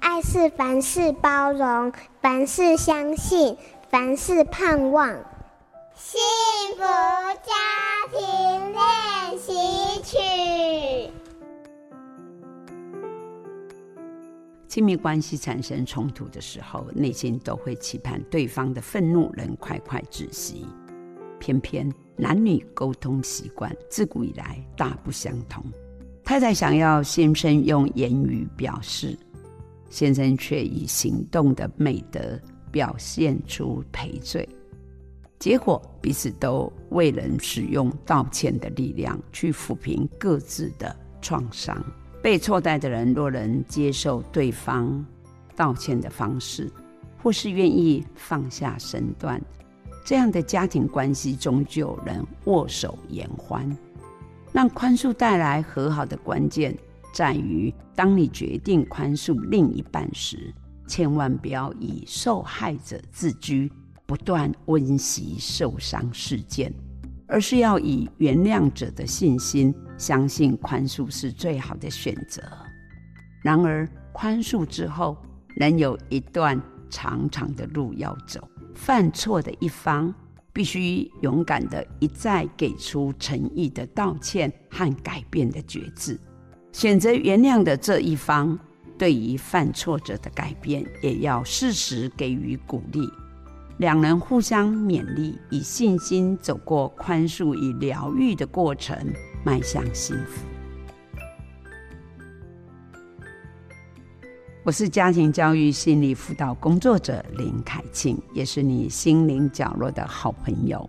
愛是凡事包容，凡事相信，凡事盼望。幸福家庭練習曲。親密關係產生衝突的時候，內心都會期盼對方的憤怒能快快止息。偏偏男女溝通習慣自古以來大不相同。太太想要先生用言語表示。先生卻以行動的美德表現出賠罪，結果彼此都未能使用道歉的力量去撫平各自的創傷。被錯待的人若能接受對方道歉的方式，或是願意放下身段，這樣的家庭關係終究能握手言歡，讓寬恕帶來和好的關鍵在於，當你決定寬恕另一半時，千萬不要以受害者自居，不斷溫習受傷事件，而是要以原諒者的信心，相信寬恕是最好的選擇。然而，寬恕之後，仍有一段長長的路要走。犯錯的一方必須勇敢的一再給出誠意的道歉和改變的決志。選擇原諒的這一方，對於犯錯者的改變，也要適時給予鼓勵。兩人互相勉勵，以信心走過寬恕與療癒的過程，邁向幸福。我是家庭教育心理輔導工作者林凱沁，也是你心靈角落的好朋友。